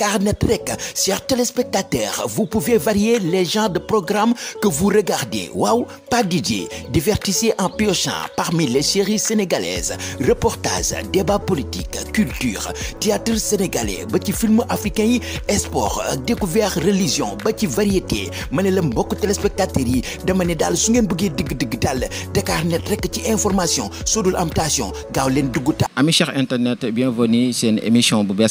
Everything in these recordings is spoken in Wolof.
Dakarnet rek chers téléspectateurs vous pouvez varier les genres de programmes que vous regardez waaw pas DJ divertissez en piochant parmi les séries sénégalaises reportages débats politiques culture théâtre sénégalais ba ci film africain yi sport découvert religion ba ci variété ma ne la mbokk téléspectateurs yi dama ne daal su ngeen bëggee digg-digg daal Dakarnet rek information sodul am station gaaw leen ami cher internet bienvenue seen émission bu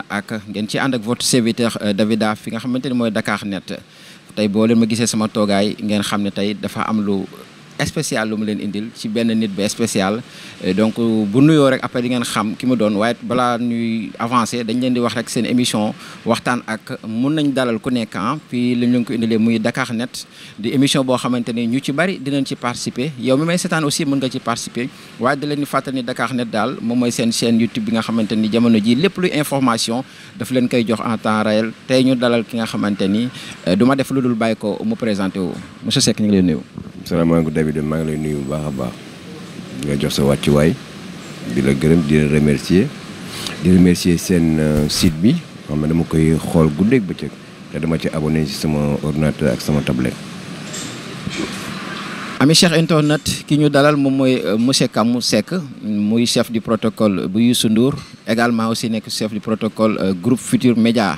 waxtaan ak ngeen ci ànd ak votre serviteur euh, Davida fi nga xamante ni mooy Dakar Net tey boo leen ma gisee sama toogaay ngeen xam ne tey dafa am lu spécial lu mu leen indil ci benn nit bu spécial euh, donc bu nuyoo rek après di ngeen xam ki mu doon waaye balaa nuy avancer dañ leen di wax rek seen émission waxtaan ak mun nañ dalal ku nekk ah puis li ñu leen ko indilee muy Net di émission boo xamante ni ñu ci bari dinañ ci participer yow mi may seetaan aussi mën nga ci participer waaye di leen di fàttali ni Dakar Net daal moom mooy seen chaîne YouTube bi nga xamante ni jamono ji lépp luy information daf leen koy jox en temps réel tey ñu dalal ki nga xamante ni euh, du def lu dul bàyyi ko mu présenté wu monsieur Seck ñu ngi leen nuyu. salaamaaleykum David maa ngi lay nuyu bu baax a baax di jox sa wàccuwaay di la gërëm di la di remercier seen euh, site bi xam dama koy xool guddeeg bëccëg te dama ci abonné ci sama ordinateur ak sama tablette. ami Cheikh internet ki ñu dalal moom mooy euh, monsieur mu Seck muy chef du protocole bu Youssou nduur également aussi nekk chef du protocole euh, groupe Futur Média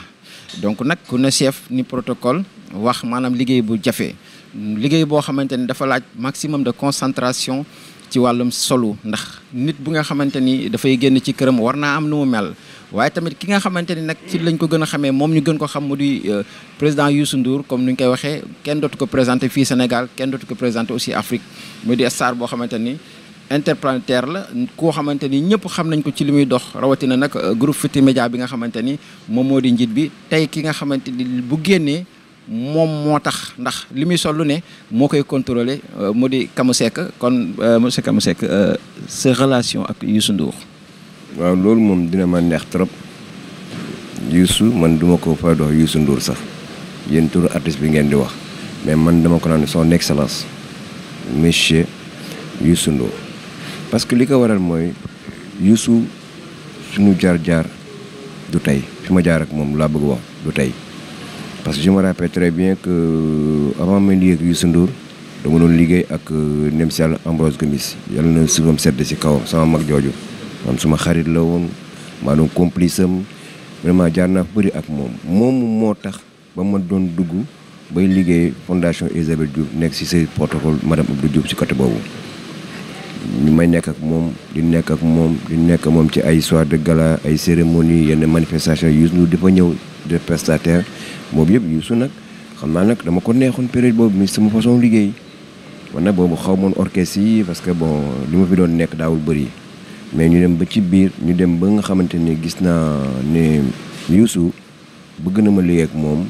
donc nag ku ne chef ni protocole wax maanaam liggéey bu jafe. liggéey boo xamante ni dafa laaj maximum de concentration ci wàllum solu ndax nit bu nga xamante ni dafay génn ci këram war naa am nu mu mel waaye tamit ki nga xamante ni nag ci lañ ko gën a xamee moom ñu gën ko xam mu di euh, président Youssou Ndour comme ni ñu koy waxee kenn dootu ko présenté fii Sénégal kenn dootu ko présenté aussi Afrique mu di star boo xamante ni interplanétaire la koo xamante ni ñëpp xam nañ ko ci li muy dox rawatina nag euh, groupe Futurs Médias bi nga xamante ni moom moo di njiit bi tey ki nga xamante ni bu génnee. moom moo tax ndax li muy sol ne moo koy contrôler euh, mu di Kamou kon euh, monsieur Kamou Seck euh, sa relation ak Youssou Ndour waaw loolu moom dina ma neex trop Youssou man duma ko fa dox Youssou Ndour sax yéen turu artiste bi ngeen di wax mais man dama ko naan son excellence monsieur Youssou Ndour parce que li ko waral mooy Youssou suñu jaar-jaar du tey fi ma jaar ak moom laa bëgg wax du tey parce que je me rappelle très bien que euh, avant may liggéey ak dama doon liggéey ak euh, nem si yàlla Ambrose Gomis yàlla na suufam sedd si kaw sama mag jooju man suma xarit la woon maa doon complice am vraiment jaar naa bëri ak moom moom moo tax ba ma doon dugg bay liggéey fondation Isabelle Diouf nekk si say protocole madame Abdou Diouf si côté boobu ñu may nekk ak moom di nekk ak moom di nekk moom ci ay soirée de gala ay cérémonie yenn manifestation yu ñu di fa ñëw de prestataire moom yëpp Youssou nag xam naa nag dama ko neexoon période boobu mi sama façon liggéey man nag boobu xaw moon orchestre yi parce que bon li ma fi doon nekk daawul bëri mais ñu dem ba ci biir ñu dem ba nga xamante ni gis naa ne Youssou bëgg na ma liggéey ak moom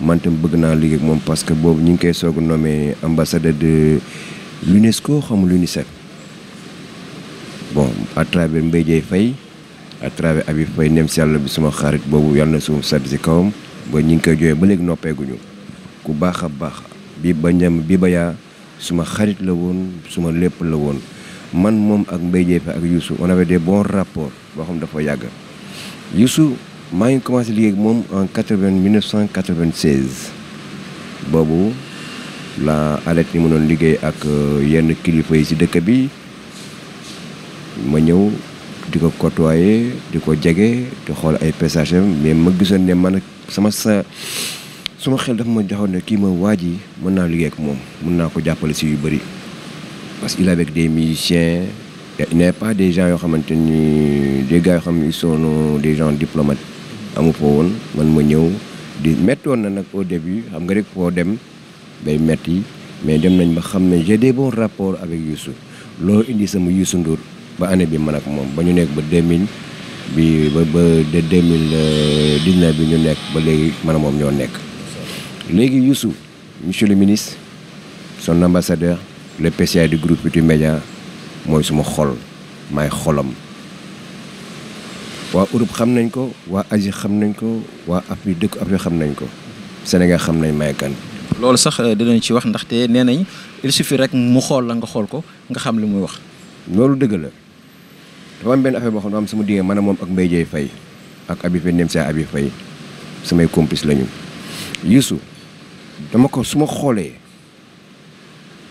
manta tam bëgg naa liggéey ak moom parce que boobu ñu ngi koy soog a nommé ambassadeur de l'UNESCO xam l'UNICEF bon à travers Mbaye Dieye à travers Habib Faye nem si yàlla bi suma xarit boobu yàlla na suuf sedd si kawam ba ñu ngi koy jooyee ba léegi noppeeguñu ku baax a baax bi ba ñam bi ba yaa suma xarit la woon suma lépp la woon man moom ak Mbaye ak Youssou on avait des bons rapports boo xam dafa yàgg Youssou maa ngi commencé liggéey ak moom en 80 1996 boobu la alet ni mënoon liggéey ak euh, yenn kilifa yi ci dëkk bi ma ñëw di ko waaye di ko jege di xool ay messages mais ma gisoon ne man sama sa sama xel dafa ma joxoon ne kii ma waaj yi mën naa liggéey ak moom mun naa ko jàppale si yu bëri parce que est avec des musiciens il n'est pas des gens yoo xamante ni des gars yoo xam ne ils euh, des gens diplomates amu fa woon man ma ñëw di méttoon na nag au début xam nga rek foo dem day metti mais dem nañ ba xam ne j'ai des bons rapports avec Youssou loolu indi sama Youssou Ndour ba année bi man ak moom ba ñu nekk ba 2000 bi ba ba de 2019 euh, bi ñu nekk ba léegi man ak moom ñoo nekk. léegi Youssou monsieur le ministre son ambassadeur le PCA du groupe Futurs Médias mooy suma xol maay xolam. waa Europe xam nañ ko waa Asie xam nañ ko waa Afrique dëkk Afrique xam nañ ko Sénégal xam nañ may kan. loolu sax euh, dinañ ci wax ndaxte nee nañ il suffit rek mu xool la nga xool ko nga xam li muy wax. loolu dëgg la. dafa am benn affaire boo xam ne am sama diggante maanaam moom ak Mbaye Dieye fay ak Abi Faye nem sa Abi fay samay complice lañu Youssou dama ko su ma xoolee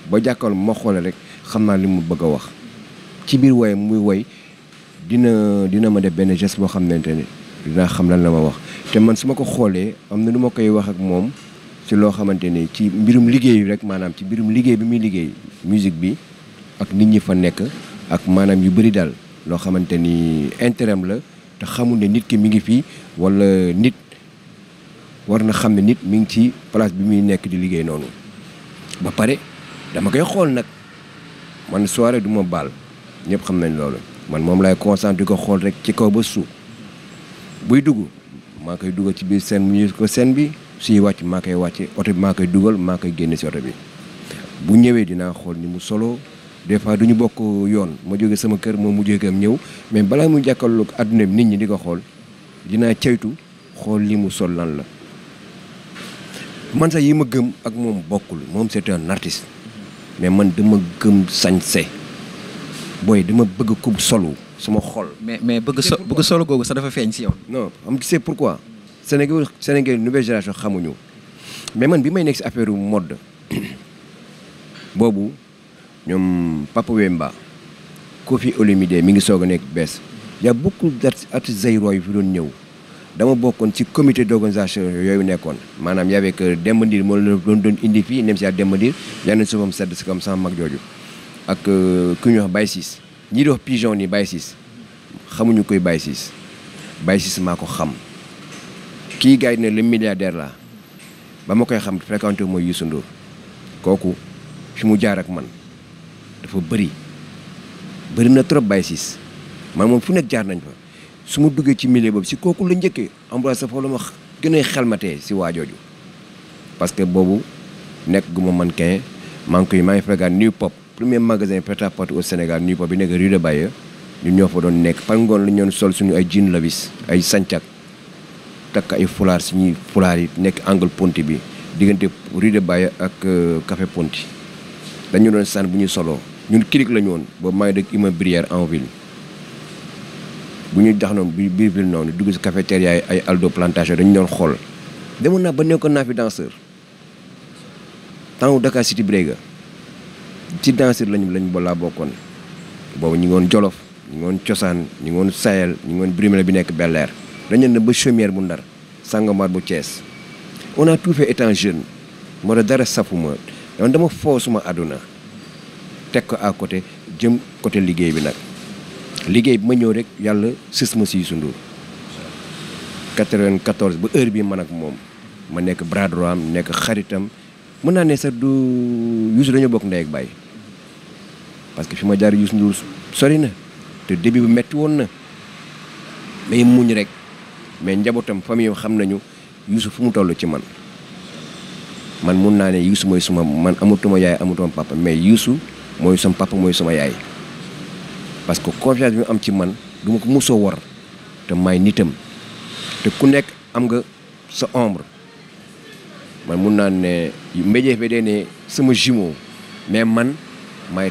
ba jàkkaal ma xoolee rek xam naa li mu bëgg a wax ci biir woy muy woy dina dina ma def benn geste boo xamante ne dinaa xam lan la ma wax te man su ma ko xoolee am na lu ma koy wax ak moom ci loo xamante ni ci mbirum liggéey rek maanaam ci mbirum liggéey bi muy liggéey musique bi ak nit ñi fa nekk ak maanaam yu bëri daal loo xamante ni intérêt la te xamul ne nit ki mi ngi fii walla nit war na xam ne nit mi ngi ci place bi muy nekk di liggéey noonu ba pare dama koy xool nag man soirée du ma baal ñëpp xam nañ loolu man moom lay concentré di ko xool rek ci kaw ba suuf buy dugg maa koy dugal ci biir seen mu ko seen bi suy wàcc maa koy wàcce oto bi maa koy dugal maa koy génne si oto bi bu ñëwee dinaa xool ni mu solo des fois du ñu bokk yoon ma jóge sama kër moom mu jóge am ñëw mais balaa mu jàkkaarloog adduna bi nit ñi di ko xool dinaa ceytu xool li mu sol lan la man sax yi ma gëm ak moom bokkul moom c'est un artiste mais man dama gëm sañse booy dama bëgg kub solu sama xol. mais mais bëgg so bëgg solu googu sax dafa feeñ si yow. non am c'est pourquoi Sénégal Sénégal nouvelle xamuñu mais man bi may nekk si affaire mode boobu. ñoom Papa Wemba Koffi Olomide mi ngi soog a nekk bees y' a beaucoup d'artistes zaïrois yu fi doon ñëw dama bokkoon ci comité d'organisation yooyu nekkoon maanaam y' avait que moo la doon doon indi fii nem si ak Demba Ndir yal nañu suufam sedd sama mag jooju ak euh, ku ñuy wax Baye ñi di wax pigeon nii Baye xamuñu koy Baye Ciss maa ko xam kii gars yi ne le milliardaire la ba ma koy xam fréquenté mooy Youssou Ndour kooku fi mu jaar ak man. dafa bëri bëri na trop Baye Ciss man moom fu nekk jaar nañ fa su ma duggee ci milieu boobu si kooku la njëkkee Ambroise Safo la ma gën a xelmatee si waajooju parce que boobu nekk gu ma man kañ maa ngi koy maa ngi fekkaat New Pop premier magasin prêt-à-porter au Sénégal New Pop bi nekk rue de Baye ñun ñoo fa doon nekk fan ngoon lañu doon sol suñu ay jean labis ay sancak takk ay fulaar suñuy fulaar yi nekk angle Ponty bi diggante rue de ak euh, café Ponty dañu doon saan bu ñu soloo ñun kirik la woon boobu maa ngi dëkk immeuble Brière en bu ñu tax noonu bi biir ville noonu dugg si cafétéria ay Aldo plantation dañu doon xool demoon naa ba nekkoon naa fi danseur temps Dakar City Brega ci danseur lañu lañ ba bokkoon boobu ñu ngi Jolof ñu ngi Cosaan ñu ngi woon Sayel ñu ngi Brimel bi nekk Bel Air dañu ne ba chaumière bu Ndar Sangomar bu Thiès on a tout fait étant jeune moo tax dara safuma dama foo suma àdduna teg ko à côté jëm côté liggéey bi nag liggéey bi ma ñëw rek yàlla si sës ma si sundur 94 ba heure bii man ak moom ma nekk bras droit am nekk xaritam mën naa ne sax du Youssou dañoo bokk ndey ak baay parce que fi ma jaar Youssou Ndour sori na te début bu metti woon na mais muñ rek mais njabootam famille xam nañu Youssou fu mu toll ci man man mun naa ne Youssou mooy suma man amatuma yaay amatuma papa mais Youssou mooy sama papa mooy sama yaay parce que confiance bi mu am ci man duma ko mosoo war te may nitam te ku nekk am nga sa ombre man mun naa ne mbéjee fe dee ne sama jumeau mais man may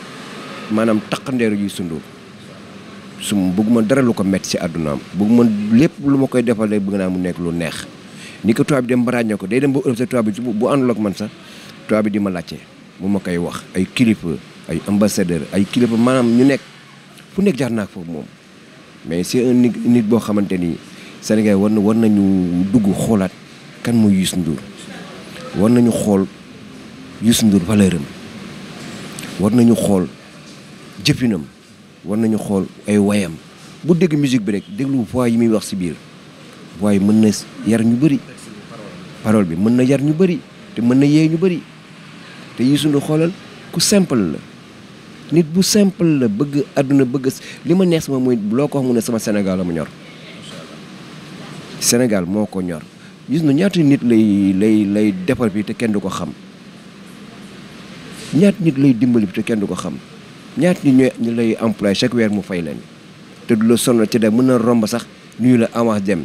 maanaam taqandeeru yuy sundoo su bëgguma dara lu ko metti si àddunaam bëgguma lépp lu ma koy defalee rek bëgg naa mu nekk lu neex ni ko tubaab bi dem baraañ ko day dem ba Europe sa tubaab bi bu am ak man sax tubaab bi di ma laajte mu ma koy wax ay kilifa ay ambassadeur ay kilifa maanaam ñu nekk fu nekk jaar naa foofu moom mais c'est nit boo xamante ni Sénégal war na war nañu dugg xoolaat kan mu Youssou Ndour war nañu xool Youssou Ndour war nañu xool jëfinam war nañu xool ay wayam bu dégg musique bi rek déglu voix yi muy wax ci biir waaye mën na yar ñu bari parole bi mën na yar ñu bari te mën na yee ñu bari te Youssou Ndour xoolal ku simple la nit bu simple la bëgg àdduna bëgg li ma neex sama mooy loo ko wax mu ne sama Sénégal la ñor Sénégal moo ko ñor gis na ñaati nit lay lay lay defar bi te kenn du ko xam ñaata nit lay dimbali bi te kenn du ko xam ñaata nit ñooy ñu lay emploi chaque weer mu fay leen te du la sonal ci dem mën na romb sax nuyu la avance dem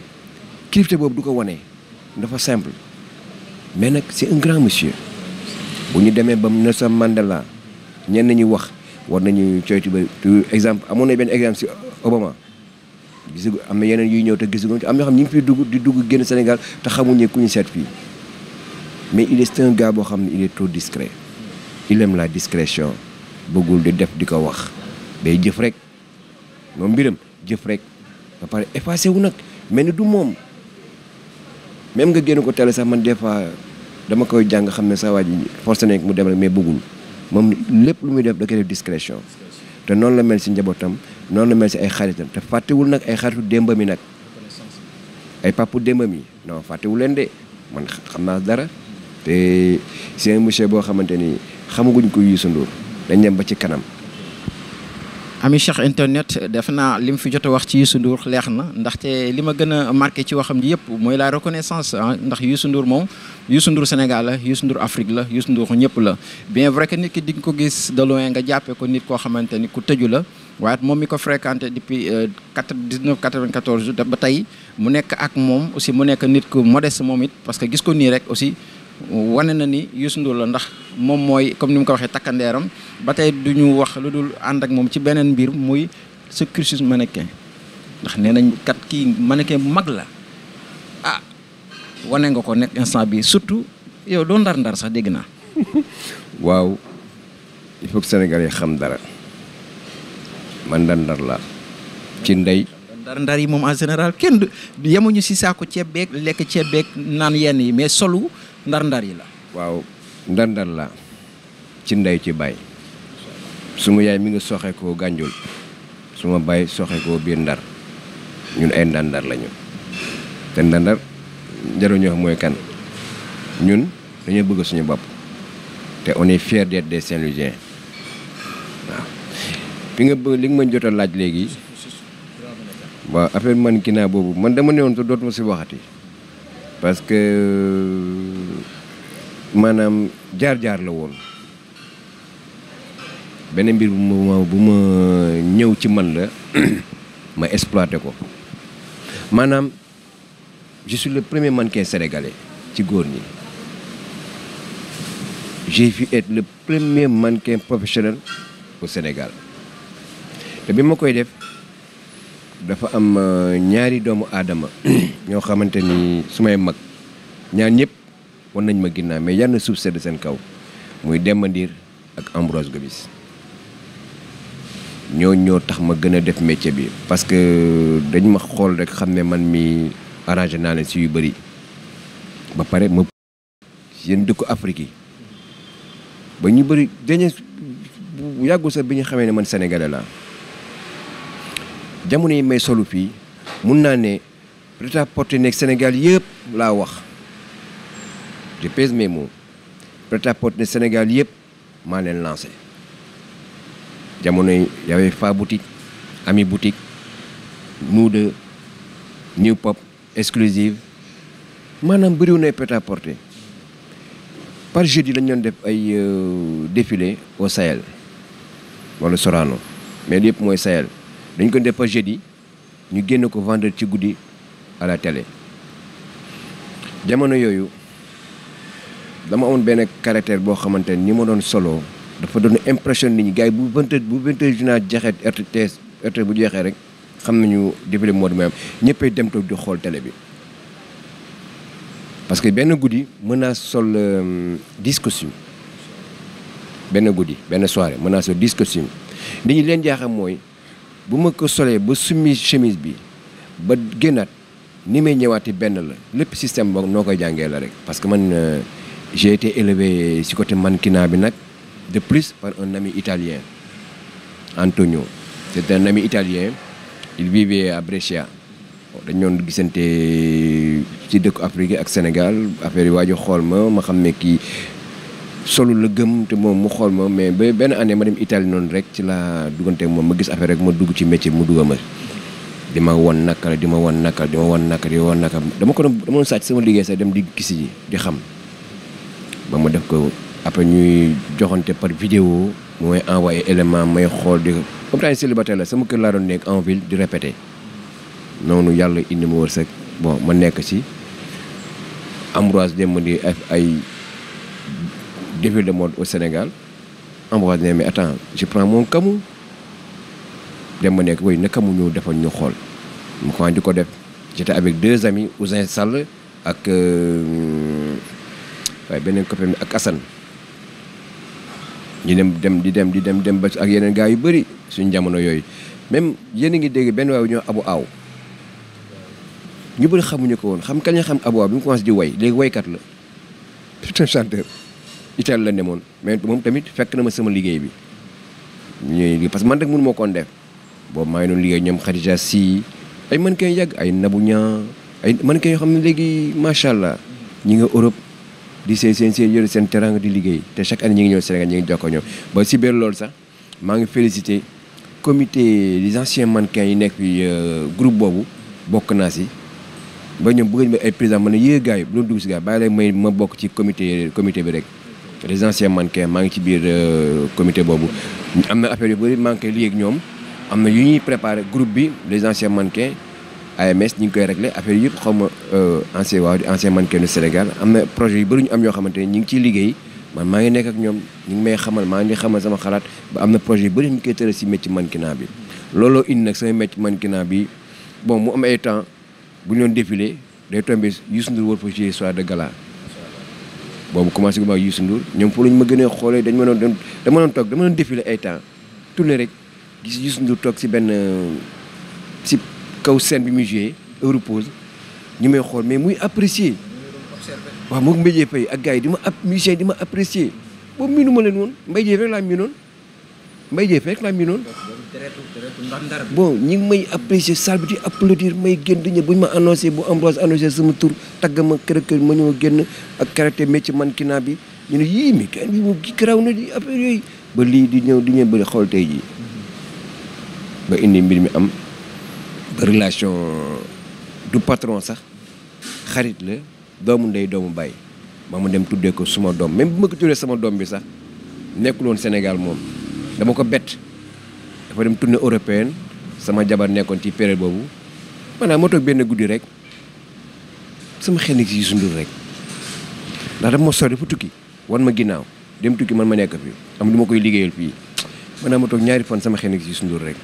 kilifte boobu du ko wane dafa simple mais nag c'est un grand monsieur bu ñu demee ba sa Mandela ñenn ñi wax war nañu coytu ba exemple amoon na benn exemple si Obama gis am na yeneen yuy ñëw te gisaguñu am na xam ñu ngi fiy dugg di dugg génn Sénégal te xamuñu ku ñu seet fii mais il est un gars boo xam ne il est trop discret il aime la discrétion bëggul di def di ko wax day jëf rek moom mbiram jëf rek ba pare wu nag mel ni du moom même nga génn ko télé sax man des fois dama koy jàng xam ne sa waa ji forcé nañ ko mu dem rek mais bëggul moom lépp lu muy def da koy def discrétion te noonu la mel si njabootam noonu la mel si ay xaritam te fàttewul nag ay xaritu démbam yi nag ay papu démbam yi non fàttewul leen de man xam naa dara te c'est un monsieur boo xamante ni xamaguñ ko Youssou Ndour dañ dem ba ci kanam. ami Cheikh internet def naa li mu fi jot wax ci Youssou Ndour leex na ndaxte li ma gën a marqué ci waxam ji yëpp mooy la reconnaissance ah ndax Youssou Ndour moom Youssou Ndour Sénégal la Youssou Ndour Afrique la Youssou Ndour ñëpp la bien vrai que nit di nga ko gis de loin nga jàppee ko nit ko xamante ni ku tëju la waaye moom mi ko fréquenté depuis 1994 euh, 94 ba tey mu nekk ak moom aussi mu nekk nit ku modeste moom it parce que gis ko nii rek aussi wane na ni Youssou Ndour ndax moom mooy comme ni mu ko waxee takkandeeram ba tey du ñu wax lu dul ànd ak moom ci beneen mbir muy sa cursus mannequin ndax nee nañ kat kii mannequin bu mag la ah wane nga ko nekk instant bi surtout yow doo ndar-ndar sax dégg naa. waaw il faut Sénégal yi xam dara man ndar-ndar laa ci ndey. ndar-ndar yi moom en général kenn yemuñu si saako ceeb beeg lekk ceeb beeg naan yenn yi mais solu ndar-ndar yi la. waaw ndar-ndar laa ci ndey ci bàyyi. suma yaay mi ngi soxe koo Gànjool suma baay soxe koo biir Ndar ñun ay ndandar lañu te ndandar jaruñu wax mooy kan ñun dañoo bëgg suñu bopp te on est fier d'être des Saint-Louisiens waaw bi nga bëgg li nga ma jot a laaj léegi waaw affaire man kii naa boobu man dama newoon te dootuma si waxati parce que maanaam jaar-jaar la woon beneen mbir bu ma bu ma ñëw ci man la ma exploité ko maanaam je suis le premier mannequin sénégalais ci góor ñi j'ai vu être le premier mannequin professionnel au Sénégal te bi ma koy def dafa am euh, ñaari doomu aadama ñoo xamante ni su may mag ñaan ñëpp wan nañ ma ginnaaw mais yal na suuf sedd seen kaw muy Demba Ndir ak Ambroise Gomis ñoo ñoo tax ma gën a def métier bi parce que dañ ma xool rek xam ne man mii arrangé naa leen si yu bëri ba pare ma yéen dëkku Afrique yi ba ñu bëri dañu yàggul sax bi ñu xamee ne man Sénégalais laa jamono yi may solu fii mun naa ne prêt-à-porter nekk Sénégal yëpp laa wax je pèse mes mots prêt-à-porter Sénégal yëpp maa leen lancé jamono y avait Fa Boutique Ami Boutique Nous de New Pop Exclusive maanaam bëriwul nay prêt-à-porter par jeudi lañu doon def ay euh, défilé au Sahel wala Sorano mais lépp mooy Sahel dañ ko def par jeudi ñu génn ko vendre ci guddi à la télé jamono yooyu dama amoon benn caractère boo xamante ni ma doon solo dafa doon impression nit ñi gars yi bu vingt bu vingt heures journal jeexee RTS bu jeexee rek xam nañu défilé mode mooy am ñëppay dem toog di xool télé bi parce que benn guddi mën naa sol euh, dix costume benn guddi benn soirée mën naa sol dix costume li ñu leen jaaxam mooy bu ma ko solee ba summi chemise bi ba génnaat ni may ñëwaati benn la lépp système boo noo koy jàngee la rek parce que man euh, j'ai été élevé si côté mannequinat bi nag de plus par un ami italien, Antonio. C'est un ami italien, il vivait à Brescia. Oh, dañu doon gisante ci dëkk Afrique ak Sénégal affaire yi waaju xool ma ma xam ne kii solu la gëm te moom mu xool ma mais ba benn année ma dem Italie noonu rek ci la duggante moom ma gis affaire rek ma dugg ci métier mu dugg ma di ma wan naka di ma wan naka di ma wan naka di ma wan naka dama ko doon dama doon sàcc sama liggéey sax dem di gis ji di xam ba ma def ko. après ñuy joxante par video mooy envoyé élément may xool di comme temps célibataire la sama kër laa doon nekk en ville di répété noonu yàlla indi ma wërsëg bon ma nekk ci Ambroise dem ma di ay défilé de mode au je prends mon kamu dem ma nekk way na kamu ñëw defal ñu xool mu ko di ko def j'étais avec deux amis Ousin Sall ak euh, waaye beneen copain ak Assane ñu dem dem di dem di dem dem ba ak yeneen gaa yu bëri suñ jamono yooyu même yéen a ngi dégg benn waaw ñoo abu aw ñu bëri xamuñu ko woon xam kañ la xam abu aaw bi mu commencé di woy léegi woykat la c'est un chanteur italien la demoon mais moom tamit fekk na ma sama liggéey bi ñuy parce que man rek mënu moo koon def boobu maa ngi doon liggéey ñoom Khadija si ay mannequin yàgg ay nabu ñaa ay mannequin yoo xam ne léegi macha allah ñi nga Europe di seen seen seen yore seen teranga di liggéey te chaque année ñu ngi ñëw Sénégal ñu ngi jokkoo ñoom ba si biir loolu sax maa ngi félicité comité des anciens mannequins yi nekk fi euh, groupe boobu bokk naa si ba ñoom bëgg nañu ma ne yéen gars yi bu doon dugg si gars ma bokk ci comité comité bi rek les anciens mannequins maa ngi ci biir euh, comité boobu am na affaire yu bëri maa ngi koy liggéey ak ñoom am na yu ñuy préparé groupe bi les anciens mannequins AMS ñu ngi koy réglé affaire yëpp xaw ma euh, ancien waaw di ancien mannequin du Sénégal am na projet yu bëri ñu am yoo xamante ne ñu ngi ciy liggéey man maa ngi nekk ak ñoom ñu ngi may xamal maa ngi xamal sama xalaat ba am na projet yu bëri ñu koy tëral si métier mannequinat bi looloo indi nag sama métier mannequinat bi boo mu am ay temps bu ñu doon défilé day tombé Youssou Ndour war fa jouer soir de gala boobu commencé gu ma Youssou Ndour ñoom fo lañ ma gën xoolee dañ ma doon dama doon toog dama doon défilé ay temps tourné rek gis toog si benn euh, kaw scène bi muy joué Europose ñu may xool mais muy apprécier waa moom Mbaye Dieye Faye ak gars yi di ma ab musicien di ma apprécier boobu miinu ma leen woon Mbaye Dieye Faye rek laa miinoon Mbaye Dieye Faye ñi may apprécier salle bi di applaudir may génn di ñëw bu ñu ma annoncé bu Ambroise annoncé sama tur tagg ma kër kër ma ñëw génn ak caractère métier mannequinat bi ñu ne yii mais kenn bi mu garaaw na di affaire yooyu ba lii di ñëw di ba xool tey jii ba indi mbir mi am relation du patron sax xarit la doomu ndey doomu baay ma mu dem tuddee ko suma doom même bu ma ko tuddee sama doom bi sax nekkul woon Sénégal moom dama ko bett dafa dem tournée européenne sama jabar nekkoon ci période boobu maanaam ma toog benn guddi rek sama xel ni ci Youssou rek ndax dama ma sori fu tukki wan ma ginnaaw dem tukki man ma nekk am lu ma koy liggéeyal fii maanaam ma toog ñaari fan sama xel ni ci Youssou rek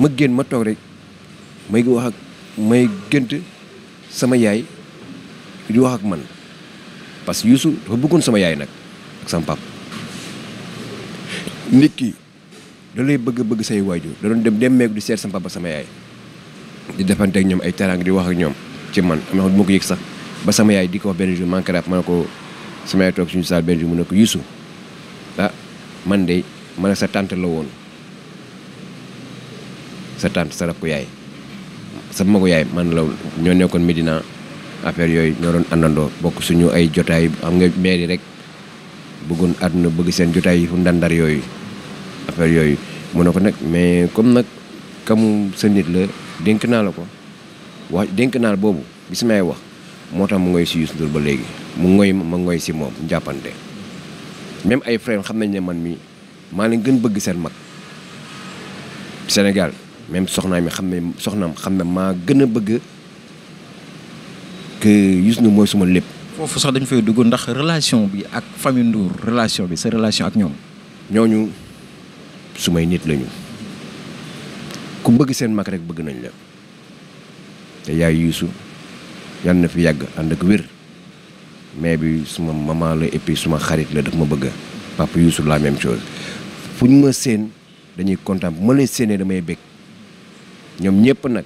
ma génn ma toog rek. may wax ak may gént sama yaay di wax ak man parce que Youssou dafa bëggoon sama yaay nag ak sama pap nit ki da bëgg bëgg say waajur da doon dem demmeeku di seet sama ba sama yaay di defante ak ñoom ay teraanga di wax ak ñoom ci man am na ko yëg sax ba sama yaay di ko wax benn jour manqué rap ma ne ko sama yaay toog suñu saal benn jour mu ne ko Youssou ah man de man sa tànt la woon sa tante sa rab ko yaay sa magu yaay man la ñoo nekkoon Medina affaire yooyu ñoo doon àndandoo bokk suñu ay jotaay xam nga maire yi rek bëggoon àdduna bëgg seen jotaay yi fu ndar yooyu affaire yooyu mu ne ko nag mais comme nag kamu sa nit la dénk naa la ko wax dénk naa la boobu bi si wax moo tax mu ngoy si Youssou Ndour ba léegi mu ngoy ma ngoy si moom jàppante même ay frère xam nañ ne man mi maa leen gën bëgg seen mag Sénégal même soxnaam mi xam ne soxnaam xam ne maa gën a bëgg que Youssou Ndour mooy suma lépp. foofu sax dañ fay dugg ndax relation bi ak famille nduur relation bi sa relation ak ñoom. ñooñu sumay nit lañu ku bëgg seen mag rek bëgg nañ la te yaay Youssou yal na fi yàgg ànd ak wér mais bi suma maman la et suma xarit la daf ma bëgg papa Youssou la même chose fu ñu ma seen dañuy kontaan bu ma lay séenee damay bëgg. ñoom ñëpp nag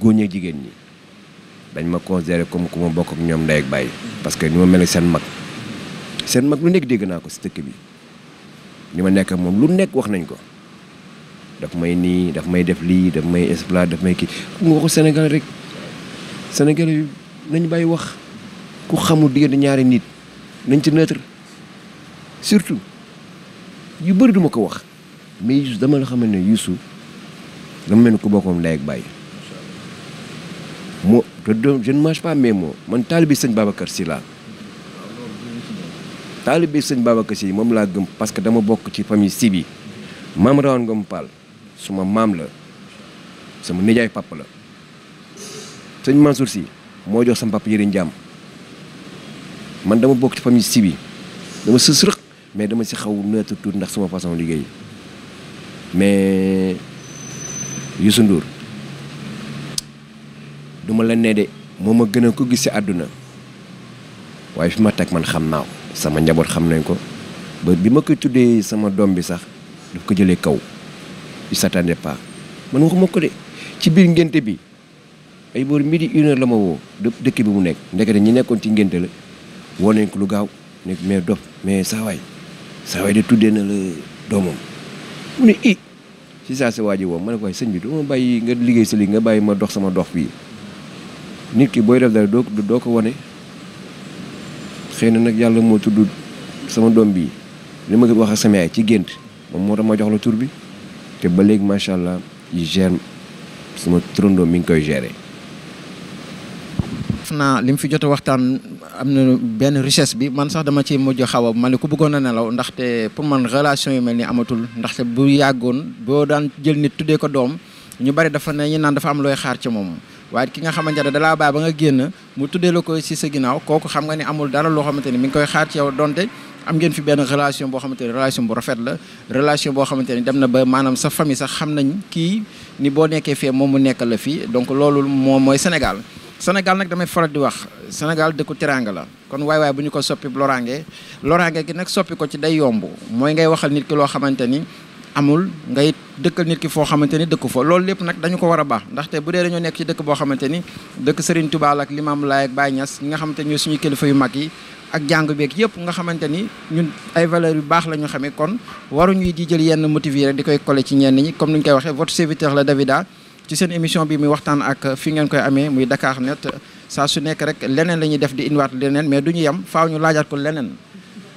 góor ñi jigéen ñi dañ ma considéré comme ku ma bokk ak ñoom ndey ak bàyyi parce que ni ma mel ni seen mag seen mag lu nekk dégg naa ko si dëkk bi ni ma nekk moom lu nekk wax nañ ko dafa may nii daf may def lii daf may exploit daf may kii nga ko Sénégal rek senegal yi nañ bàyyi wax ku xamul diggante ñaari nit nañ ci neutre surtout yu bëri duma ko wax mais Youssou dama la xamal ne Youssou dama mel ni ku bokkoon ndey ak baay moo te je ne mange pas mes mots man taalibi sëñ Babacar Sy laa taalibi sëñ Babacar Sy moom laa gëm parce que dama bokk ci famille si bi maam nga ngom Paal suma maam la sama nijaay papa la sëñ Mansour Sy moo jox sama papa yëriñ jàmm man dama bokk ci famille si bi dama sës mais dama si xaw nëtatu ndax sama façon liggéey mais. Youssou Ndour duma ma la nee de moo ma gën a ko gis ci àdduna waaye fi ma teg man xam naaw sama njaboot xam nañ ko ba bi ma koy tuddee sama doom bi sax daf ko jëlee kaw il s'attendait pas man waxuma ko de ci biir ngénte bi ay boor midi une heure la ma woo dëkk bi mu nekk ndekete ñi nekkoon ci ngénte la woo nañ ko lu gaaw nekk mais dof mais saawaay saawaay de tuddee na la doomam ci saa si waa ji woo ma ne sëñ bi du ma bàyyi nga liggéey sa li nga bàyyi ma dox sama dox bii nit ki booy def dara doo doo ko wane xëy na nag yàlla moo tudd sama doom bii li ma koy wax ak sama ci gént moom moo tax ma jox la tur bi te ba léegi macha allah yi gère sama turandoo mi ngi koy gere naa li mu fi jot waxtaan am na benn richesse bi man sax dama ci mujj xaw a ma ne ku bëggoon a nelaw ndaxte pour man relation yu mel nii amatul ndaxte bu yàggoon boo daan jël nit tuddee ko doom ñu bari dafa ne ñu naan dafa am looy xaar ci moom. waaye ki nga xamante ne dalaa baa ba nga génn mu tuddee la ko ci sa ginnaaw kooku xam nga amul dara loo xamante ni mi ngi koy xaar ci yow donte. am fi benn relation boo xamante ne relation bu rafet la relation boo xamante ne dem na ba maanaam sa famille sax xam nañ kii ni boo nekkee fee moom mu nekkal la fii donc loolu moom mooy Sénégal Sénégal nag damay faral di wax Sénégal dëkku terang la kon waay waay bu ñu ko soppi loraange loraange gi nag soppi ko ci day yomb mooy ngay waxal nit ki loo xamante ni amul ngay dëkkal nit ki foo xamante ni dëkku fa loolu lépp nag dañu ko war a baax ndaxte bu dee dañoo nekk ci dëkk boo xamante ni dëkk Serigne Touba ak Limam Laye ak Baye Niass ñi nga xamante ni ñooy suñu kilifa yu mag yi ak jàng beeg yëpp nga xamante ni ñun ay valeurs yu baax la ñu xamee kon waruñuy di jël yenn motifs yi rek di koy coller ci ñenn comme ni ñu koy waxee votre serviteur la Davida ci seen émission bi muy waxtaan ak fi ngeen koy amee muy Dakar Net saa su nekk rek leneen lañuy def di indiwaat leneen mais du ñu yem faaw ñu laajaat ko leneen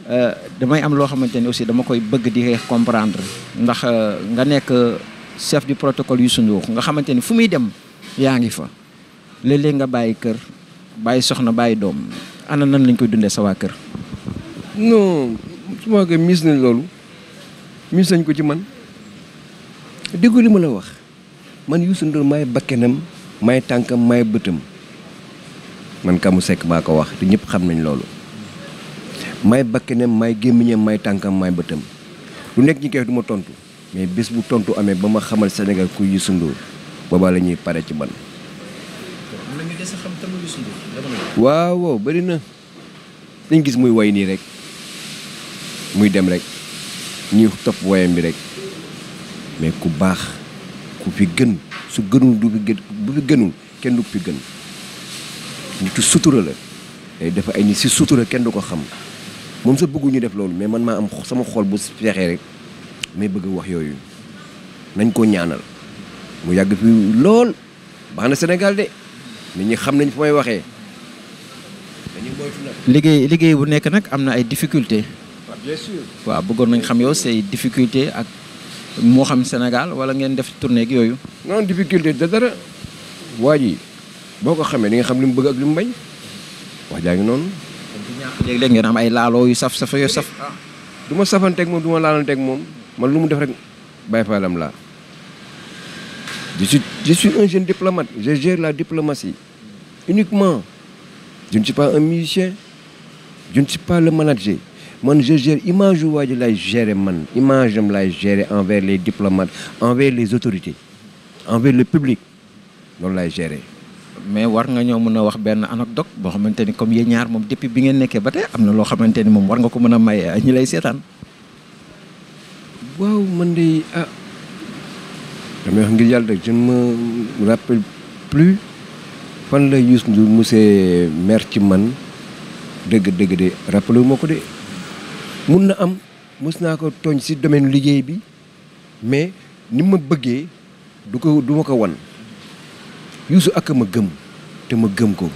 euh, damay am loo xamante ni aussi dama koy bëgg di comprendre ndax euh, nga nekk chef du protocole Youssou Ndour nga xamante ni fu muy dem yaa ngi fa léeg nga bàyyi kër bàyyi soxna bàyyi doom ana nan lañ koy dundee sa waa kër. non su ma ko mis nañ loolu mis nañ ko ci man déggu li ma la wax. man Youssou Ndour maay bakkenam may tànkam maay bëtam man Kamou sekk maa ko wax te ñëpp xam nañ loolu maay bakkenam may gémmiñam may tànkam may bëtam lu nekk ñi koy du ma tontu mais bés bu tontu amee ba ma xamal senegal ku Youssou Ndour boobaa la ñuy pare ci man. waaw waaw bëri na dañ gis muy way nii rek muy dem rekk ñuy topp wayam bi rek mais ku baax. ku fi gën su gënul du fi gën bu fi gënul kenn du fi gën nitu sutura la day eh, dafa ay nit si sutura kenn du ko xam moom sa bëgguñu def loolu mais man maa am sama xol bu fexee rek may bëgg wax yooyu nañ ko ñaanal mu yàgg fi lool baax na Sénégal de nit ñi xam nañ fu may waxee dañuy liggéey liggéey bu nekk nag am na ay difficultés. waaw ah, bien sûr. bëggoon nañ xam yow say difficultés ak. moo xam Sénégal wala ngeen def tournée ak yooyu. non difficulté da dara. waa boo ko xamee di nga xam li mu bëgg ak li mu bañ wax ngi noonu. léeg-léeg ngeen am ay laalo yu saf saf yoo saf. du ma safanteeg moom du ma laalanteeg moom man lu mu def rek bàyyi faalam laa. je suis je suis un jeune diplomate je gère la diplomatie uniquement je ne suis pas un musicien je ne suis pas le manager. man je gère image yu waa ji lay gérer man image am lay gérer envers les diplomates envers les autorités envers le public loolu lay gérer. mais war nga ñoo mën a wax benn anecdote boo xamante ni comme yéen ñaar moom depuis bi ngeen nekkee ba tey am na loo xamante ni moom war nga ko mën a may ñi lay seetaan. waaw man de ah. damay wax ngir yàlla de je ne me rappelle plus fan la Youssou Ndour musee mer ci man dëgg dëgg de rappelé ko de. mun na am mos naa ko tooñ si domaine liggéey bi mais ni ma bëggee du ko du ma ko wan Youssou ak ma gëm te ma gëm ko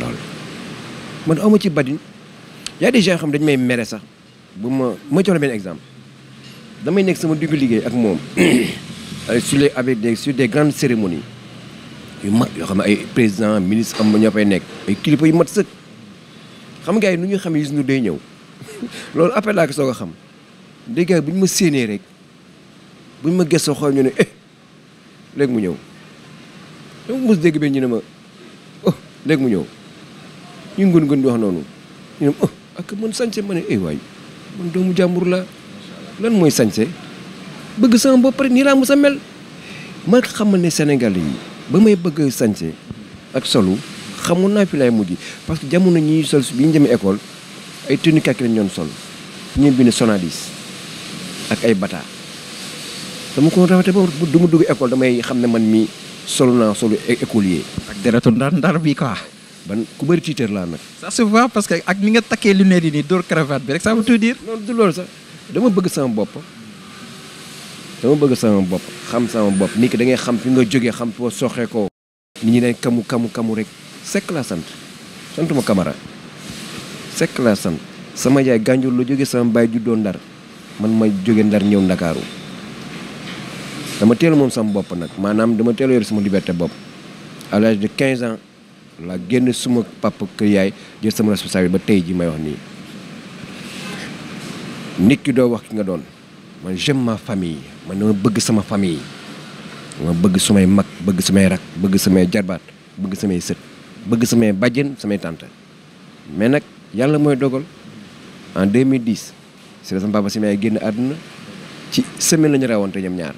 loolu man awma ci badin y a des gens xam dañu may mere sax bu ma ma jox la benn exemple damay nekk sama diggu liggéey ak moom sur les avec des sur des grandes cérémonies yu mag yoo xam ne ay président ministre am ma ñoo fay nekk ay kilifa yu mat sëkk xam nga nu ñuy xam Youssou Ndour day ñëw loolu après laa ko soog a xam dégg bu ñu ma séenee rek bu ñu ma gëstoo xool ñu ne eh mu ñëw dama mos ñu ne ma oh léegi mu ñëw ñu wax noonu ñu ne oh ak man sañse ma ne eh waay man doomu jàmbur la lan mooy sañse bëgg sama bopp rek nii laa mos a mel man xamal ne senegal yi ba may bëgg sañse ak solu xamoon naa fi laay mujj parce que jamono ñi sol bi ñu demee école ay tenue kaki lañ ñoon sol ñu bind Sonadis ak ay bataa dama koo rafete ba du ma école damay xam ne man mi solo naa solu écolier ak deretu ndar ndar bi quoi ban ku bëri tiitër laa nag sax se voit parce que ak li nga takkee lunettes yi nii dóor cravate bi rek ça veut tout dire non du sax dama bëgg sama bopp dama bëgg sama bopp xam sama bopp nit ki da ngay xam fi nga jógee xam foo soxee ko nit ñi dañ kamu kamu kamu rek Seck laa sant santuma Camara Seck laa sant sama yaay Gànjool la jóge sama baay juddoo Ndar man ma jóge Ndar ñëw Ndakaaru dama teel moom sama bopp nag maanaam dama teel yor sama liberté bopp à l'âge de 15 ans la génn suma papa kër yaay jël sama responsabilité ba tey ji may wax nii nit ki doo wax ki nga doon man j'aime ma famille man dama bëgg sama famille ma bëgg sumay mag bëgg sumay rak bëgg samay jarbaat bëgg samay sët bëgg samay bàjjen samay tante mais nag yàlla mooy dogal en 2010 si la sama papa si may génn àdduna ci semaine la ñu rawante ñoom ñaar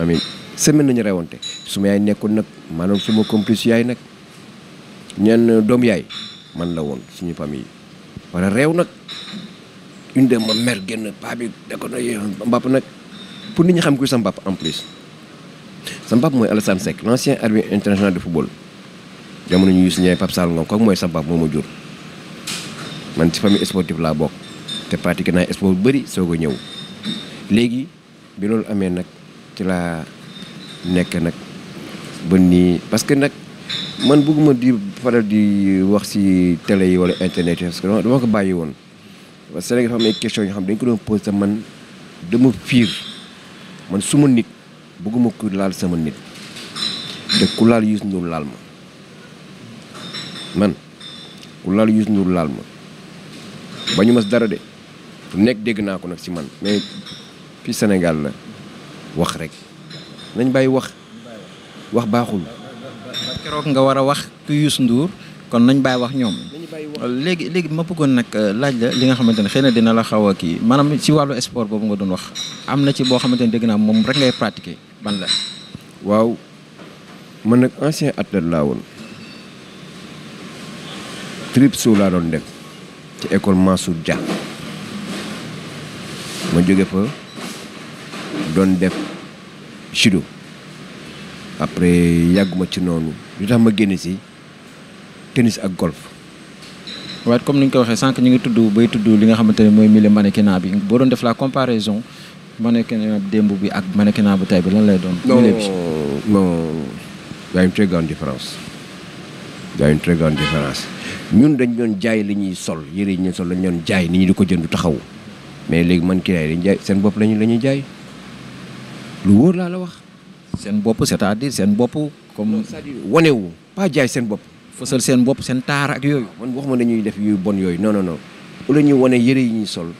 amiin semaine lañu ñu rawante su ma yaay nekkoon nag maanaam suma complice yaay nag ñenn doom yaay man la woon suñu famille wala réew nag une dem ma mère génn paa bi da ko na mbàpp nag pour nit ñi xam kuy sama papa en plus sa pap mooy Alassane Seck l'ancien arbitre international de football jamono ñu Youssou Ndiaye Pape Sall Ngom kooku mooy sa pap moo ma jur man ci famille sportive laa bokk te pratiqué naa sport bu bëri soog a ñëw léegi bi loolu amee nag ci laa nekk nag ba nii parce que nag man bëgguma di faral di wax ci télé yi wala internet yi parce que ko bàyyi woon parce que Sénégal dafa am ay questions yoo xam dañ ko doon sa man dama fiir man suma nit bëgguma ku laal sama nit te ku laal Youssou Ndour laal ma man ku laal Youssou Ndour laal ma ba ñu mas dara de lu nekk dégg naa ko nag ci man mais fi senegal la wax rek nañ bàyyi wax wax baaxul. keroog nga war a wax ku Youssou Ndour kon nañ bàyyi wax ñoom léegi léegi ma bëggoon nag euh, laaj la li nga xamante ne xëy na dina la xaw a kii maanaam ci wàllu sport boobu nga doon wax am na ci boo xamante ne dégg naa moom rek ngay pratiquer ban la waaw man nag ancien athlète laa woon trip sou laa doon def ci école Mansour Dia ma jóge fa doon def judo après yàgguma ci noonu lu tax ma génn si tennis ak golf. waaye comme ni ñu ko waxee sànq ñu ngi tudd bay tudd li nga xamante ne mooy milieu mannequinat bi boo doon def la comparaison mannequinat démb bi ak mannequinat bu tey bi lan lay doon. milieu bi non non y a une ñun dañ doon jaay li ñuy sol yëre yi ñuy sol dañ doon jaay nit ñi di ko jënd taxaw mais léegi man kii dañuy jaay seen bopp lañu la ñuy jaay lu wóor laa la wax. seen bopp c'est-à-dire seen bopp comme. cest à pas jaay seen bopp. fësal seen bopp seen taar ak yooyu. man waxuma ne ñuy def yu bon yooyu non non non wone lieu yëre yi ñuy sol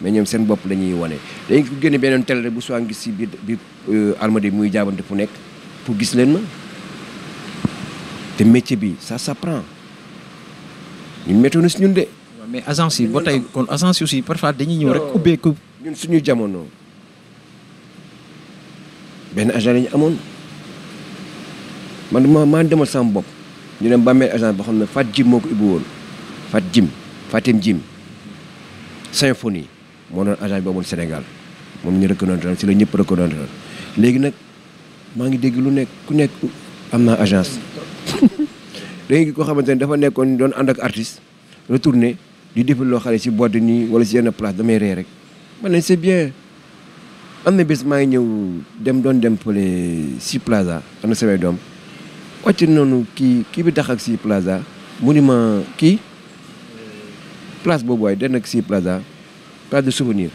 mais ñoom seen bopp la ñuy wane dañu ko génne beneen télé rek bu soo gis si biir biir euh, almadi muy jaabante fu nekk pour gis leen ma te métier bi ça s'apprend ñun météo na si ñun de. mais agence yi ba tey kon agence yi aussi parfois dañuy ñëw rek ubbeeku. ñun suñuy jamono benn agent la amoon man maa maa demal sama bopp. ñu dem bàmmeel agence boo xam ne Fat Jim moo ko ubbi woon Fat Jim Fatim Jim symphonie moo doon agence bi amoon Sénégal moom ñu reconnaître si la ñëpp reconnaître léegi nag maa ngi dégg lu nekk ku nekk am naa agence léegi koo xamante ne dafa nekkoon doon ànd ak artiste retourné di defal loo xale si boîte de nii wala si yenn place damay ree rek man leen c'est bien am na bés maa ngi ñëw dem doon dem fële si plaza am na samay doom wàcc noonu kii kii bi tax ak si plaza ma kii place boobu waaye den ak si plaza place de souvenir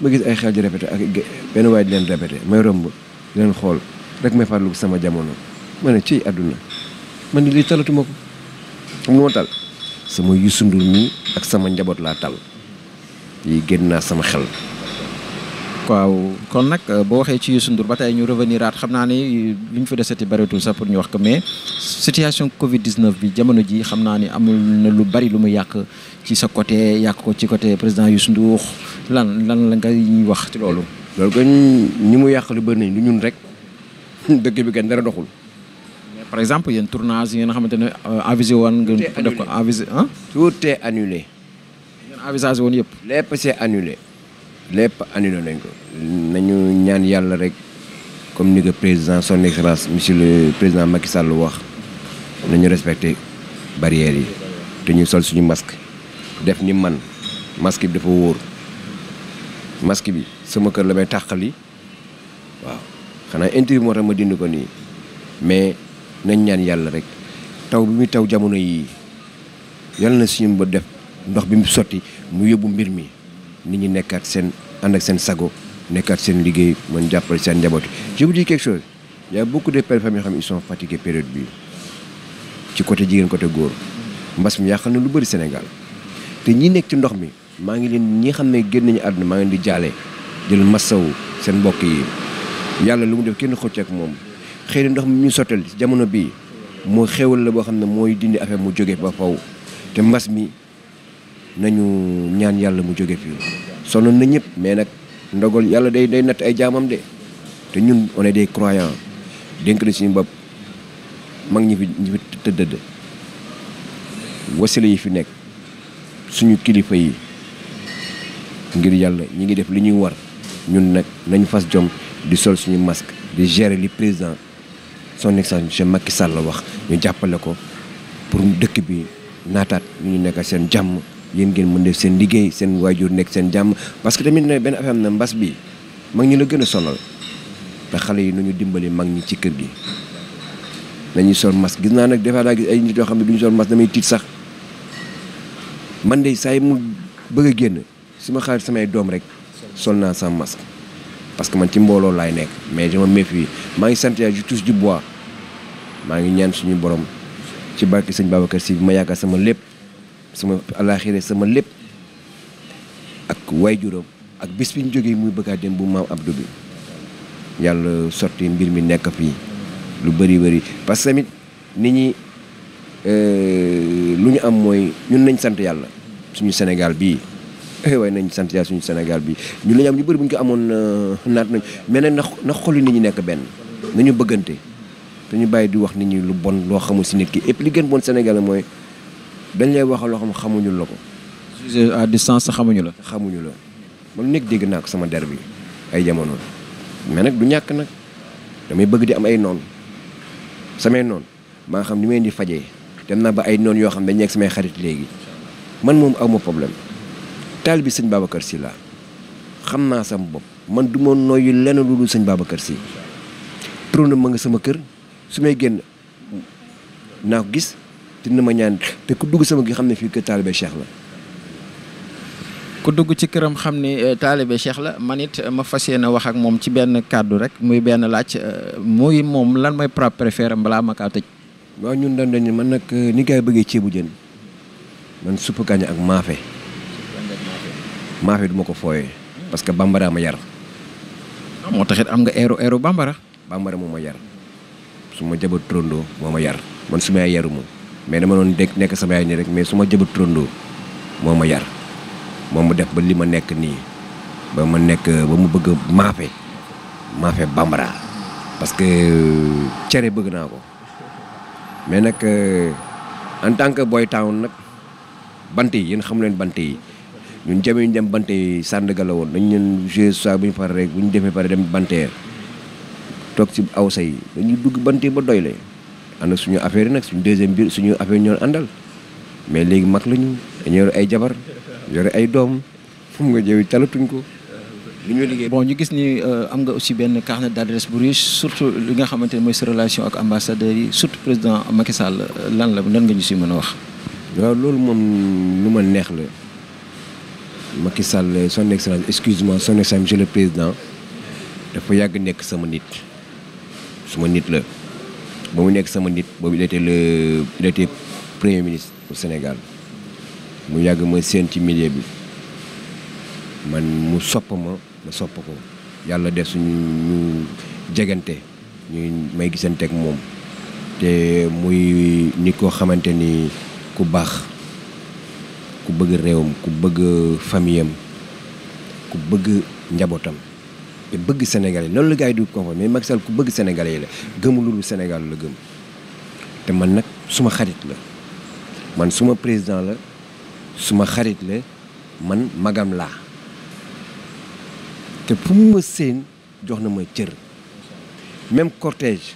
ma gis ay xel di répété ak benn waaye di leen répété may romb leen xool rek may fàttaliku sama jamono ma ne ciy àdduna man ni lii talatuma ko xam lu tal sama Youssou Ndour mi ak sama njaboot laa tal yi génn naa sama xel waaw kon nag euh, boo waxee ci Youssou Ndour ba tey ñu revenirat xam naa ni li euh, ñu fa desati bëreetul sax pour ñu wax ko mais situation Covid 19 bi jamono ji xam naa ni amul na lu bari lu mu yàq ci sa côté yàq ko ci côté président Youssou Ndour lan lan la ngay wax ci loolu. loolu kon ñi mu yàq lu bëri nañ du ñun rek dëkk bi kenn dara doxul. mais par exemple yéen tournage yi nga xamante ne euh, avisé woon nga. def ko avisé ah. tout est woon yëpp. lépp c'est annulé. lépp annulé nañ ko nañu ñaan yàlla rek comme ni ko président son excellence monsieur le président Macky Sall wax nañu respecté barrières yi te ñu sol suñu masque def ni man masque bi dafa wóor masque bi sama kër la may tàqali waaw xanaa intérêt moo tax ma dindi ko nii mais nañ ñaan yàlla rek taw bi muy taw jamono yii yàlla na suñu ba def ndox bi mu sotti mu yóbbu mbir mi nit ñi nekkaat seen ànd ak seen sago nekkaat seen liggéey mën jàppale seen njaboot je vous dis quelque chose y a beaucoup de pères de xam ne ils sont fatigués période bii ci côté jigéen côté góor mbas mi yàqal na lu bëri senegal te ñi nekk ci ndox mi maa ngi leen ñi xam ne génn nañu àdduna maa ngi leen di jaale jël masawu seen mbokk yi yàlla lu mu def kenn xocc ak moom xëy na ndox mi ñu sottal jamono bii moo xéwal la boo xam ne mooy dindi affaire mu jóge ba faw te mbas mi. nañu ñaan yàlla mu jóge fi sonoon na ñëpp mais nag ndogal yàlla day day natt ay jaamam de te ñun on est des croyants dénk suñu bopp mag ñi fi ñi fi tëddëdd yi fi nekk suñu kilifa yi ngir yàlla ñi ngi def li ñuy war ñun nag nañu fas jom di sol suñu masque di gérer li président son excellence monsieur Macky sàll wax ñu jàppale ko pour dëkk bi naataat ñu nekk seen jàmm yéen ngeen mën def seen liggéey seen waajur nekk seen jàmm parce que tamit ne benn affaire am na mbas bi mag ñi la gën a sonal te xale yi nu ñu dimbali mag ñi ci kër gi nañuy sol masque gis naa nag des fois gis ay nit yoo xam ne duñu ñu sol masque damay tiit sax man de saa yi mu bëgg a génn su ma xaar samay doom rek sol naa sans masque parce que man ci mbooloo laay nekk mais je me méfie maa ngi sant yàlla je touche bois maa ngi ñaan suñu borom ci barke sëñ Babacar Si ma yaakaar sama lépp sama àllaaxira sama lépp ak waajuram ak bis bi ñu jógee muy bëgg a dem bu maam Abdou bi yàlla sotti mbir mi nekk fii lu bëri bëri parce que tamit nit ñi euh, lu ñu am mooy ñun nañ sant yàlla suñu Sénégal bii waaye nañ sant suñu Sénégal bii ñun la am ñu bëri bu ñu ko amoon euh, naat nañ mais nag na xoli nit ñi nekk benn nañu bëggante te ñu bàyyi di wax nit ñi lu bon loo xamul si nit ki et li gën bon Sénégal mooy. dañ lay wax loo xam xamuñu la ko. jugé à distance xamuñu la. xamuñu la man nekk dégg naa ko sama der bi ay jamono mais nag du ñàkk nag damay bëgg di am ay noon samay noon maa xam ni may di fajee dem naa ba ay noon yoo xam ne dañ nekk samay xarit léegi man moom aw ma problème taal bi sëñ Babacar Sy laa xam naa sama bopp man du ma noyyi lenn lu dul sëñ Babacar Sy trône ma nga sama kër su may génn naa ko gis. dina ma ñaan te ku dugg sama gi xam ne fii kër taalibe Cheikh la. ku dugg ci këram xam ni eh, taalibe Cheikh la man eh, ma fas yéene wax ak moom ci benn kàddu rek muy benn laaj eh, muy moom lan may plat préféré balaa ma kaa tëj. waaw ñun daan dañu man nag ni gaay bëggee ceebu jën man supp kañ ak maafe. maafe du ma ko fooyee. parce que bambara ma yar. moo taxit am nga eeru eeru bambara. bambara moo ma yar su ma jabat turandoo moo ma yar man su ma yaru mais dama doon dégg nekk sama yaay nii rek mais su ma jëbat turandoo moo ma yar moo ma def ba li ma nekk nii ba ma nekk ba mu bëgg maafe maafe bambara parce que euh, cere bëgg naa ko mais nag euh, en tant que boy town nag bante yi yéen xam leen bant yi ñun jame ñu dem bante yi Sandaga la woon dañu leen joué soit bu ñu pare rek bu ñu demee pare dem banteer toog ci awsa yi dañuy dugg bante ba doy am ak suñu affaire yi nag suñu deuxième biir suñu affaire ñoon àndal mais léegi mag la ñu dañu ay jabar yore ay doom fu mu nga jëw talatuñ ko lu ñoo liggéey bon ñu gis ni euh, am nga aussi benn carnet d'adresse bu riche surtout li nga xamante ne mooy sa relation ak ambassadeurs yi surtout président Macky Sall euh, lan la nan nga ñu si mën a wax waaw loolu moom lu ma neex la Macky Sall son excellence excuse-moi son excellence monsieur le président dafa yàgg nekk sama nit suma nit la ba mu nekk sama nit boobu il était le il était premier ministre au Sénégal mu yàgg ma seen ci milieu bi man mu sopp ma ma sopp ko yàlla def suñu ñu jegante ñu may gisante ak moom te muy nit koo xamante ni ku baax ku bëgg réewam ku bëgg famiyam ku bëgg njabootam te bëgg Sénégalais loolu la gars yi du ko mais Macky Sall ku bëgg Sénégalais yi la gëmulul Sénégal la gëm te man nag suma xarit la man suma président la suma xarit la man magam laa te fu mu ma seen jox na ma cër même cortège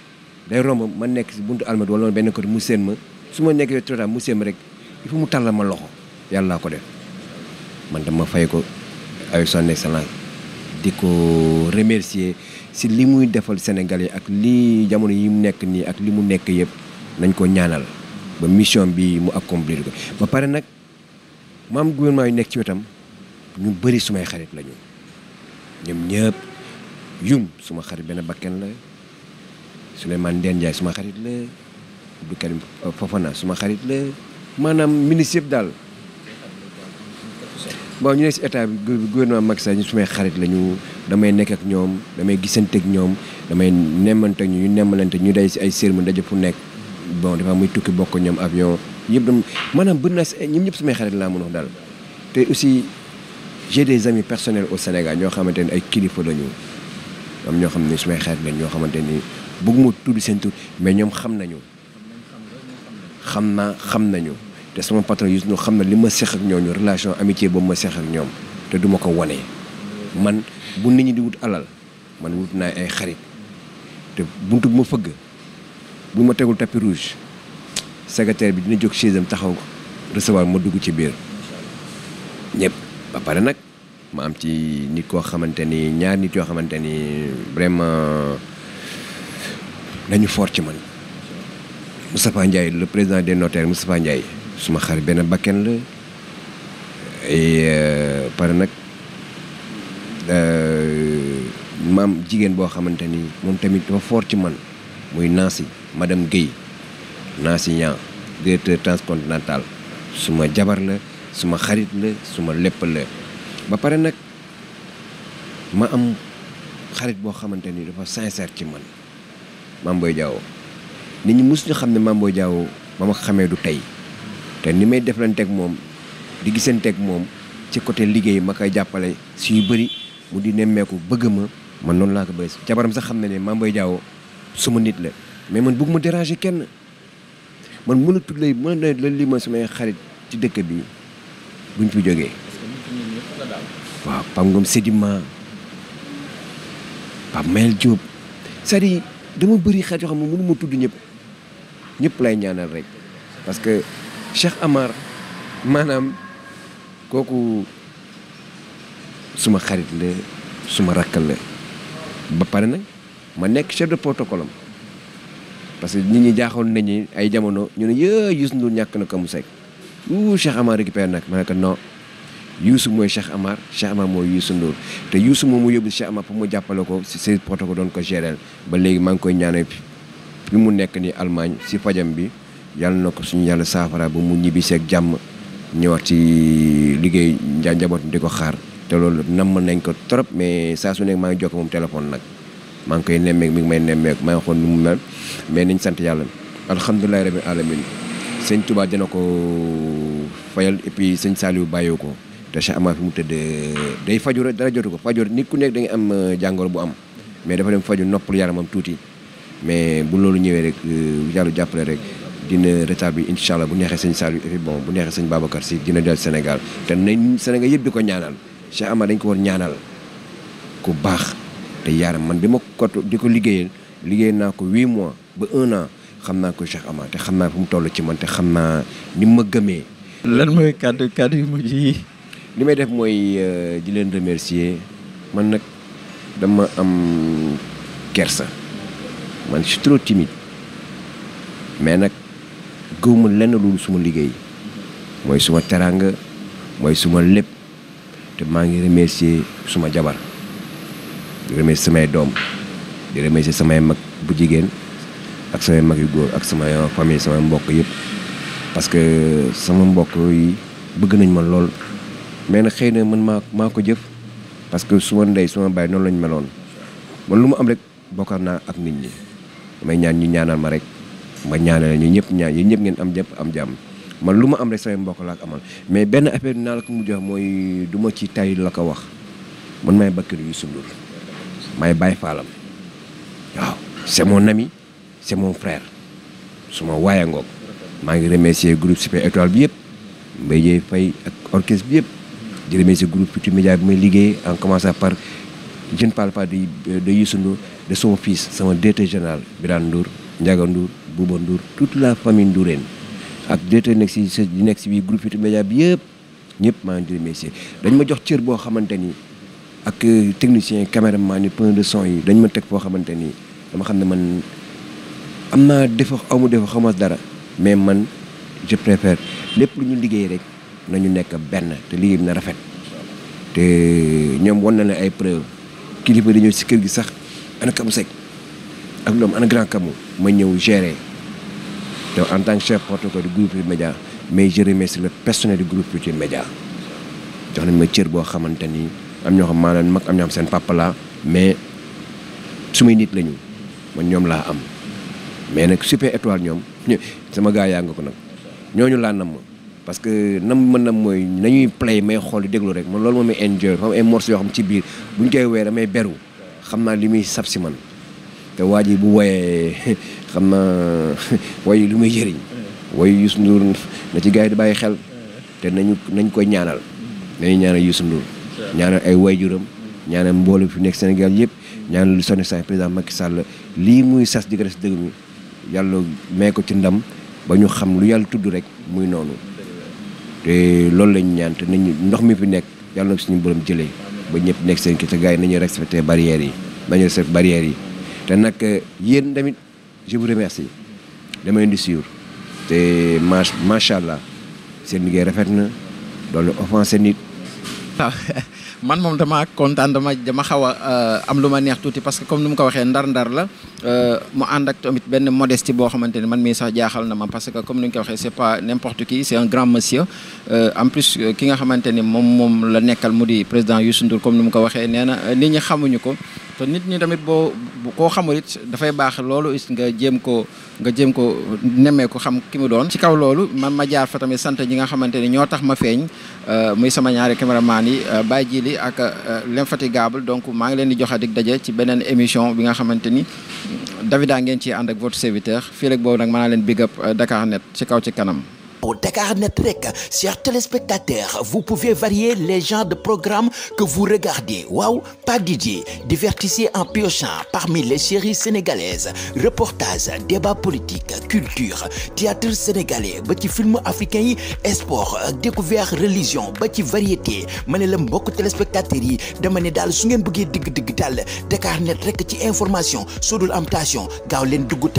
day romb ma nekk si buntu almet wala benn côté mu séen ma su ma nekkee trop mu seen ma rek il faut mu tàllal ma loxo yàlla laa ko def man dama fay ko avec son excellence di ko remercier si li muy defal Sénégal yi ak li jamono yi mu nekk nii ak li mu nekk yëpp nañ ko ñaanal ba mission bi mu accomplir ko ba pare nag maam gouvernement yu nekk ci wetam ñu bëri sumay xarit lañu ñoom ñëpp yum suma xarit benn bakken la Souleymane Ndéné Ndiaye suma xarit la Abdou Karim Fofana suma xarit la maanaam ministre yëpp daal bon ñu nekk si état bi gouvernement Macky Sall ñu sumay xarit la ñu damay nekk ak ñoom damay gisante ak ñoom damay nemmante ñu ñu nemmalante ñu day si ay sermon daje fu nekk bon dafa muy tukki bokk ñoom avion yëpp dam maanaam bëri naa si eh, ñoom ñëpp sumay xarit laa mën wax daal te aussi j'ai des amis personnels au Sénégal ñoo xamante ne ay kilifa lañu am ñoo xam ne sumay xarit lañ ñoo xamante ni bëgguma tudd seen tur mais ñoom xam nañu xam na xam nañu te sama patron Youssou Ndour xam na li ma seq ak ñooñu relation amitié boobu ma seq ak ñoom te duma ko wane man bu nit ñi di wut alal man wut naa ay xarit te buntu bu ma fëgg bu ma tegul tapis rouge secrétaire bi dina jóg chaise am taxaw recevoir ma dugg ci biir ñëpp ba pare nag ma am ci nit koo xamante ni ñaar nit yoo xamante ni vraiment dañu fort ci man Moustapha Ndiaye le président des notaires Moustapha Ndiaye suma xarit benn bakken la euh, pare nag euh, maam jigéen boo xamante ni moom tamit dafa fort ci man muy Nancy madame Guèye Nancy Niang directeur transcontinental suma jabar la suma xarit la suma lépp la ba pare nag ma am xarit boo xamante ni dafa sincère ci man maam booy Diao nit ñi mosuñu xam ne Mame Boye Diao ba ma xamee du tey te ni may deflanteeg moom di gisanteeg moom ci côté liggéey ma koy jàppale si yu bëri mu di nemmeeku bëgg ma man noonu laa ko bëri jabaram sax xam na ne Mame Boye Diao suma nit la mais man bëgguma déranger kenn man mënatul lay mën na ma sumay xarit ci dëkk bi buñ fi jógee waaw Pam Ngom Sedima Pam Mayel Diop cest dama bëri xarit yoo xam ne mënu ma tudd ñëpp ñëpp lay ñaanal rek parce Cheikh Amar maanaam kooku suma xarit la suma rakkal la ba pare nag ma nekk chef de protocole am parce que nit ñi jaaxoon nañu ay jamono ñu ne yee Youssou Ndour ñàkk na ko mu sekk uu Cheikh Amar récupéré nag ma ne ko non Youssou mooy Cheikh Amar Cheikh Amar mooy Youssou Ndour te Youssou moom mu yóbbu Cheikh Amar pour mu jàppale ko si seen protocole doon ko gérer ba léegi maa ngi koy ñaanal fi mu nekk ni almaañ si fajam bi. yàlla na ko suñu yàlla saafara ba mu ñibbi seek jàmm ñëwaat ci liggéey njaa njaboot di ko xaar te loolu namm nañ ko trop mais saa su nekk maa ngi jokk moom téléphone nag maa ngi koy nemmeek mi ngi may nemmeek maa ngi xool nu mu mel mais nañ sant yàlla alhamdulilahi rabbil alamin sëñ Touba dina ko fayal et puis sëñ Saliou bàyyi ko te Cheikh Amar fi mu tëdd day faju rek dara jotu ko faju nit ku nekk da am euh, jàngoro bu am mais dafa dem faju noppal yaramam tuuti mais bu loolu ñëwee rek euh, yàlla jàppale rek dina rétablir incha allah bu neexee sëñ Saliou et puis bon bu neexee sëñ Babacar si dina dellu Sénégal te nañ Sénégal yëpp di ko ñaanal Cheikh Amar dañ ko war ñaanal ku baax te yaaram man bi ma ko di ko liggéeyal liggéey naa ko huit mois ba un an xam naa ko Cheikh Amar te xam naa fu mu toll ci man te xam naa ni ma gëmmee lan mooy kàddu kàddu yu mujj yi. li may def mooy euh, di leen remercier man nag dama am kersa man je trop timide mais nag. gëwma lenn loolu suma liggéey mooy suma teraanga mooy suma lépp te maa ngi remercier suma jabar di remercier samay doom di remercier samay mag bu jigéen ak samay mag yu góor ak sama famille samay mbokk yëpp parce que sama mbokk yi bëgg nañ ma lool mais nag xëy na man maa maa ko jëf parce que suma ndey suma baay noonu lañ meloon man lu mu am rek bokkar naa ak nit ñi damay ñaan ñu ñaanal ma rek ma ñaanal ñu ñëpp ñaan ñu ñëpp ngeen am jàpp am jàmm man lu ma am rek samay mbokk laa ko amal mais benn affaire naa la ko mu jox mooy duma ci tay la ko wax man may Bakary Youssou Ndour may Baye Fallam waaw c'est mon ami c'est mon frère su ma waaya ngoog maa ngi remercier groupe Super Étoile bi yëpp Mbaye Dieye Faye ak orchestre bi yëpp di remercier groupe Futurs Médias bi may liggéey en commençant par je ne parle pas de de Youssou Ndour de son fils sama directeur général Birane Ndour Ndiaga Ndour Bouba Ndour toute la famille Ndourène ak directeur nekk si sa nekk si biir groupe Futurs bi yëpp ñëpp maa ngi di remercier dañ ma jox cër boo xamante ni ak euh, technicien caméraman ni point de son yi dañ ma teg foo xamante ni dama xam ne man am naa defa aw ma defa xamas dara mais man je préfère lépp lu ñu liggéey rek nañu nekk benn te liggéey bi na rafet te euh, ñoom wan na ne ay preuve kilifa dañoo si kër gi sax ana Kabou Seck ak ñoom ana grand Camou ma ñëw gérer donc en tant que chef protocole du groupe Futurs Médias mais je remercie le personnel du groupe Futurs média jox nañ ma cër boo xamante ni am ñoo xam maa leen mag am ñoo xam seen papa laa mais sumay nit lañu man ñoom laa am mais nag super étoile ñoom sama gars yaa nga ko nag ñooñu laa nam ma parce que nam mën na mooy nañuy play may xool di déglu rek man loolu moom may enjoy fa am ay morceaux yoo xam ci biir buñ koy weer damay beru xam naa li muy sab si man te waa ji bu woyee xam naa woy lu muy jëriñ woy Youssou Ndour na ci gars yi di bàyyi xel te nañu nañ koy ñaanal nañu ñaanal Youssou Ndour ñaanal ay waajuram ñaanal mboolu fi nekk Sénégal yëpp ñaanal son excellence président Macky Sall lii muy sas di ko def si may ko ci ndam ba ñu xam lu yàlla tudd rek muy noonu te loolu lañu ñaan te nañu ndox mi fi nekk yàlla na ko suñu borom jëlee ba ñëpp nekk seen kii te gars yi nañu respecté barrières yi nañu respecté barrières yi te nag eh, yéen tamit je vous remercie dama leen di suivre te ma allah seen liggéey rafet na doolu offensé nit. waaw ah, man moom dama kontaan dama dama a euh, am lu ma neex tuuti parce que comme ni mu ko waxee ndar-ndar la euh, mu ànd ak tamit benn modestie boo xamante ne man mii sax jaaxal na ma parce que comme ni ñu ko waxee c'est pas n'importe qui c'est un grand euh, nga xamante ni moom moom la nekkal mu di président Youssou Ndour comme ni mu ko waxee neena na nit ñi xamuñu ko. te nit ñi tamit boo koo xamul it dafay baax loolu it nga jéem ko nga jéem ko nemmee ko xam ki mu doon ci kaw loolu man ma jaar fa tamit sant ñi nga xamante ni ñoo tax ma feeñ euh, muy sama ñaari caméraman yi euh, Baye Djili ak euh, l'infatigable donc maa ngi leen di jox dig daje ci beneen émission bi nga xamante ni Davida ngeen ci ànd ak votre serviteur fii rek boobu nag mën naa leen big up Dakar Net ci kaw ci kanam pour Dakarnet Rek, chers téléspectateurs, vous pouvez varier les genres de programmes que vous regardez. Waouh, pas DJ, divertissez en piochant parmi les séries sénégalaises, reportages, débats politiques, culture, théâtre sénégalais, petits films africains, sport, découvert religion, petits variétés. Mané le mbok téléspectateurs yi dama né dal su ngeen bëggé dig dig dal Dakarnet Rek ci information sodul amtation gaaw leen dugg